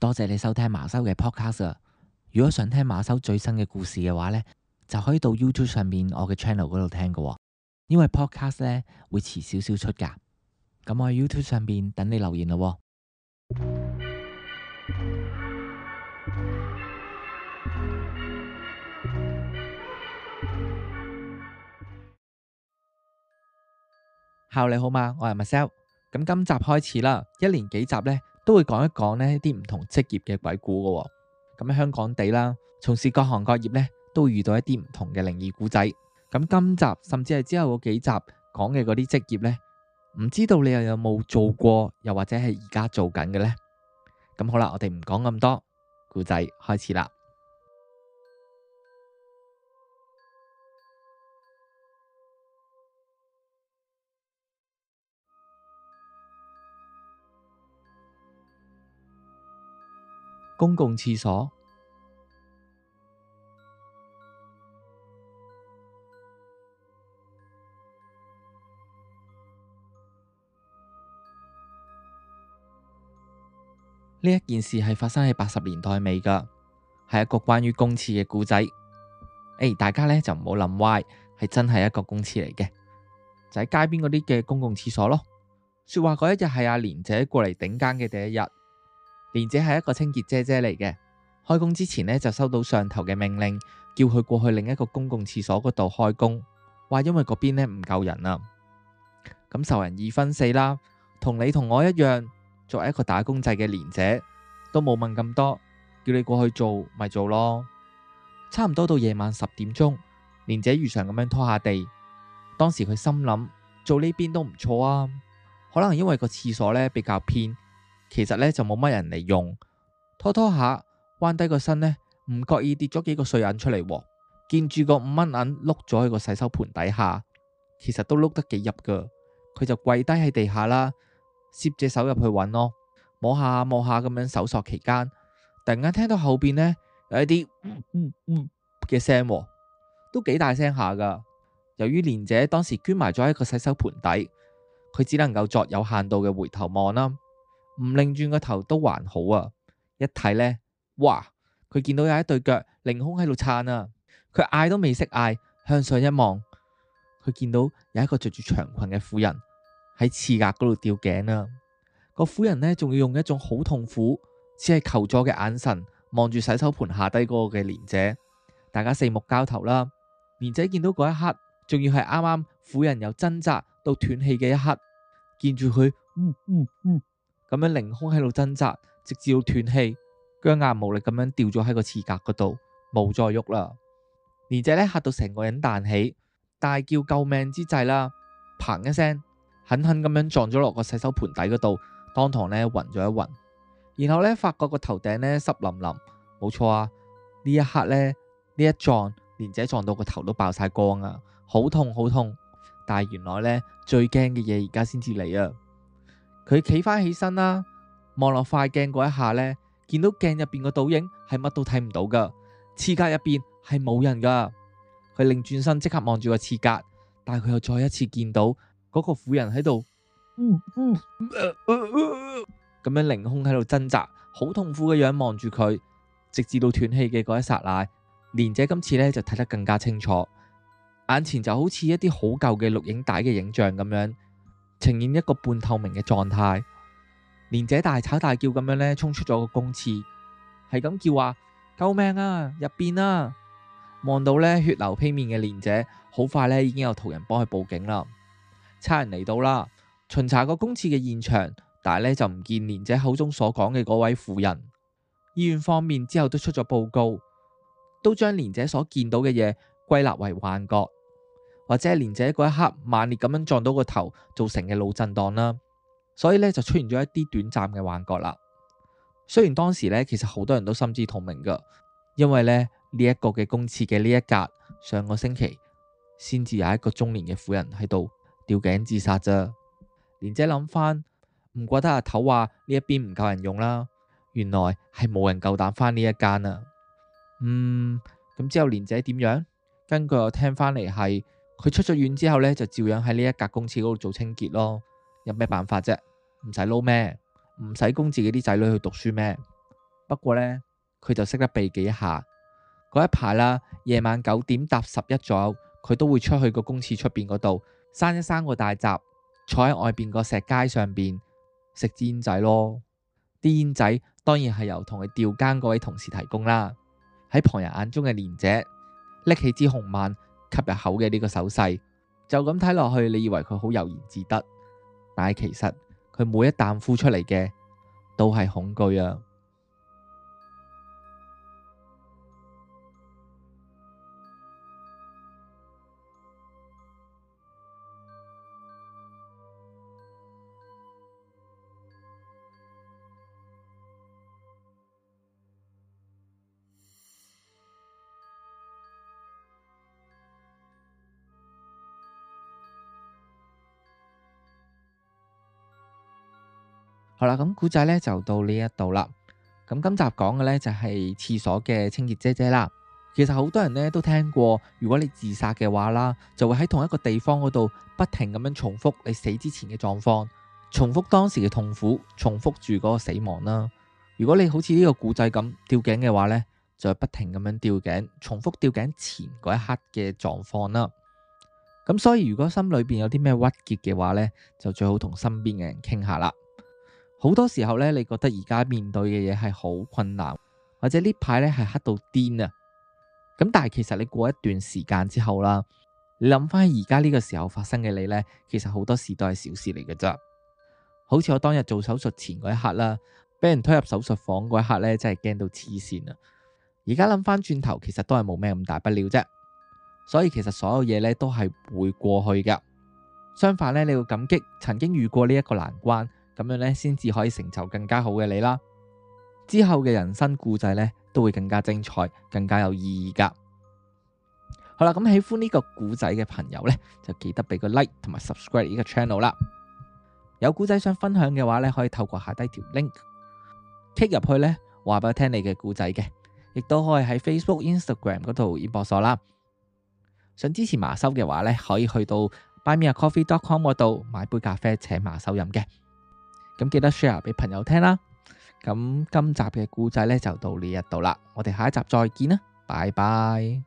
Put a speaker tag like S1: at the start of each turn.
S1: 多謝你收聽馬修嘅 podcast。如果想聽馬修最新嘅故事嘅話呢，就可以到 YouTube 上面我嘅 channel 嗰度聽嘅、哦。因為 podcast 呢會遲少少出噶。咁我喺 YouTube 上面等你留言咯、哦。Hello 你好嘛？我係 Marcel。咁今集開始啦，一連幾集呢。都會講一講呢一啲唔同職業嘅鬼故嘅喎，咁喺香港地啦，從事各行各業呢，都遇到一啲唔同嘅靈異故仔。咁今集甚至係之後嗰幾集講嘅嗰啲職業呢，唔知道你又有冇做過，又或者係而家做緊嘅呢？咁好啦，我哋唔講咁多，故仔開始啦。公共廁所，呢一件事係發生喺八十年代尾噶，係一個關於公廁嘅故仔。誒、欸，大家呢就唔好諗歪，係真係一個公廁嚟嘅，就喺街邊嗰啲嘅公共廁所咯。說話嗰一日係阿蓮姐過嚟頂更嘅第一日。蓮姐係一個清潔姐姐嚟嘅開工之前呢就收到上頭嘅命令，叫佢過去另一個公共廁所嗰度開工，話因為嗰邊呢唔夠人啊。咁、嗯、受人二分四啦，同你同我一樣，作為一個打工仔嘅蓮姐，都冇問咁多，叫你過去做咪做咯。差唔多到夜晚十點鐘，蓮姐如常咁樣拖下地。當時佢心諗做呢邊都唔錯啊，可能因為個廁所呢比較偏。其實咧就冇乜人嚟用，拖拖下彎低個身咧，唔覺意跌咗幾個碎銀出嚟、哦。見住個五蚊銀碌咗喺個洗手盆底下，其實都碌得幾入噶。佢就跪低喺地下啦，攝隻手入去揾咯，摸下摸下咁樣搜索期間，突然間聽到後邊咧有一啲嘅、嗯嗯嗯、聲，都幾大聲下噶。由於連姐當時捐埋咗喺個洗手盆底，佢只能夠作有限度嘅回頭望啦、啊。唔擰轉個頭都還好啊！一睇呢，哇，佢見到有一對腳凌空喺度撐啊。佢嗌都未識嗌，向上一望，佢見到有一個着住長裙嘅婦人喺廁格嗰度吊頸啊。個婦人呢，仲要用一種好痛苦、似係求助嘅眼神望住洗手盤下低嗰個嘅蓮姐。大家四目交投啦。蓮姐見到嗰一刻，仲要係啱啱婦人由掙扎到斷氣嘅一刻，見住佢，嗯嗯嗯。嗯咁樣凌空喺度掙扎，直至到斷氣，僵硬無力咁樣掉咗喺個廁格嗰度，冇再喐啦。蓮仔咧吓到成個人彈起，大叫救命之際啦，砰一聲，狠狠咁樣撞咗落個洗手盆底嗰度，當堂咧暈咗一暈。然後咧發覺個頭頂咧濕淋淋，冇錯啊。呢一刻咧呢一撞，蓮仔撞到個頭都爆晒光啊，好痛好痛。但係原來咧最驚嘅嘢而家先至嚟啊！佢企翻起身啦，望落塊鏡嗰一下呢，見到鏡入邊個倒影係乜都睇唔到噶廁格入邊係冇人噶。佢擰轉身即刻望住個廁格，但係佢又再一次見到嗰個婦人喺度，咁 樣凌空喺度掙扎，好痛苦嘅樣望住佢，直至到斷氣嘅嗰一剎那，連姐今次呢就睇得更加清楚，眼前就好似一啲好舊嘅錄影帶嘅影像咁樣。呈現一個半透明嘅狀態，蓮姐大吵大叫咁樣呢衝出咗個公廁，係咁叫話：救命啊！入邊啊！望到呢血流披面嘅蓮姐，好快呢已經有途人幫佢報警啦。差人嚟到啦巡查個公廁嘅現場，但係呢就唔見蓮姐口中所講嘅嗰位婦人。醫院方面之後都出咗報告，都將蓮姐所見到嘅嘢歸納為幻覺。或者係蓮姐嗰一刻猛烈咁樣撞到個頭，造成嘅腦震盪啦，所以咧就出現咗一啲短暫嘅幻覺啦。雖然當時咧，其實好多人都心知肚明噶，因為咧呢一個嘅公廁嘅呢一格上個星期先至有一個中年嘅婦人喺度吊頸自殺啫。蓮姐諗翻，唔怪得阿頭話呢一邊唔夠人用啦，原來係冇人夠膽翻呢一間啊。嗯，咁之後蓮姐點樣？根據我聽翻嚟係。佢出咗院之後呢，就照樣喺呢一格公廁嗰度做清潔咯。有咩辦法啫？唔使撈咩，唔使供自己啲仔女去讀書咩？不過呢，佢就識得避忌一下。嗰一排啦，夜晚九點搭十一左右，佢都會出去個公廁出邊嗰度，閂一閂個大閘，坐喺外邊個石階上邊食支煙仔咯。啲煙仔當然係由同佢調更嗰位同事提供啦。喺旁人眼中嘅蓮姐，拎起支紅萬，吸入口嘅呢個手勢，就咁睇落去，你以為佢好悠然自得，但係其實佢每一啖呼出嚟嘅，都係恐懼啊！好啦，咁古仔呢就到呢一度啦。咁今集講嘅呢就係廁所嘅清潔姐姐啦。其實好多人呢都聽過，如果你自殺嘅話啦，就會喺同一個地方嗰度不停咁樣重複你死之前嘅狀況，重複當時嘅痛苦，重複住嗰個死亡啦。如果你好似呢個古仔咁吊頸嘅話呢，就係不停咁樣吊頸，重複吊頸前嗰一刻嘅狀況啦。咁所以如果心裏邊有啲咩鬱結嘅話呢，就最好同身邊嘅人傾下啦。好多時候呢，你覺得而家面對嘅嘢係好困難，或者呢排呢係黑到癲啊！咁但係其實你過一段時間之後啦，你諗翻而家呢個時候發生嘅你呢，其實好多事都係小事嚟嘅咋。好似我當日做手術前嗰一刻啦，俾人推入手術房嗰一刻呢，真係驚到黐線啊！而家諗翻轉頭，其實都係冇咩咁大不了啫。所以其實所有嘢呢，都係會過去㗎。相反呢，你要感激曾經遇過呢一個難關。咁樣咧，先至可以成就更加好嘅你啦。之後嘅人生故仔咧，都會更加精彩，更加有意義噶。好啦，咁、嗯、喜歡呢個故仔嘅朋友呢，就記得俾個 like 同埋 subscribe 呢個 channel 啦。有故仔想分享嘅話呢，可以透過下低條 link click 入去呢話俾我聽你嘅故仔嘅。亦都可以喺 Facebook、Instagram 嗰度演播所啦。想支持馬修嘅話呢，可以去到 buymeacoffee.com 嗰度買杯咖啡請馬修飲嘅。咁記得 share 俾朋友聽啦！咁今集嘅故仔咧就到呢一度啦，我哋下一集再見啦，拜拜！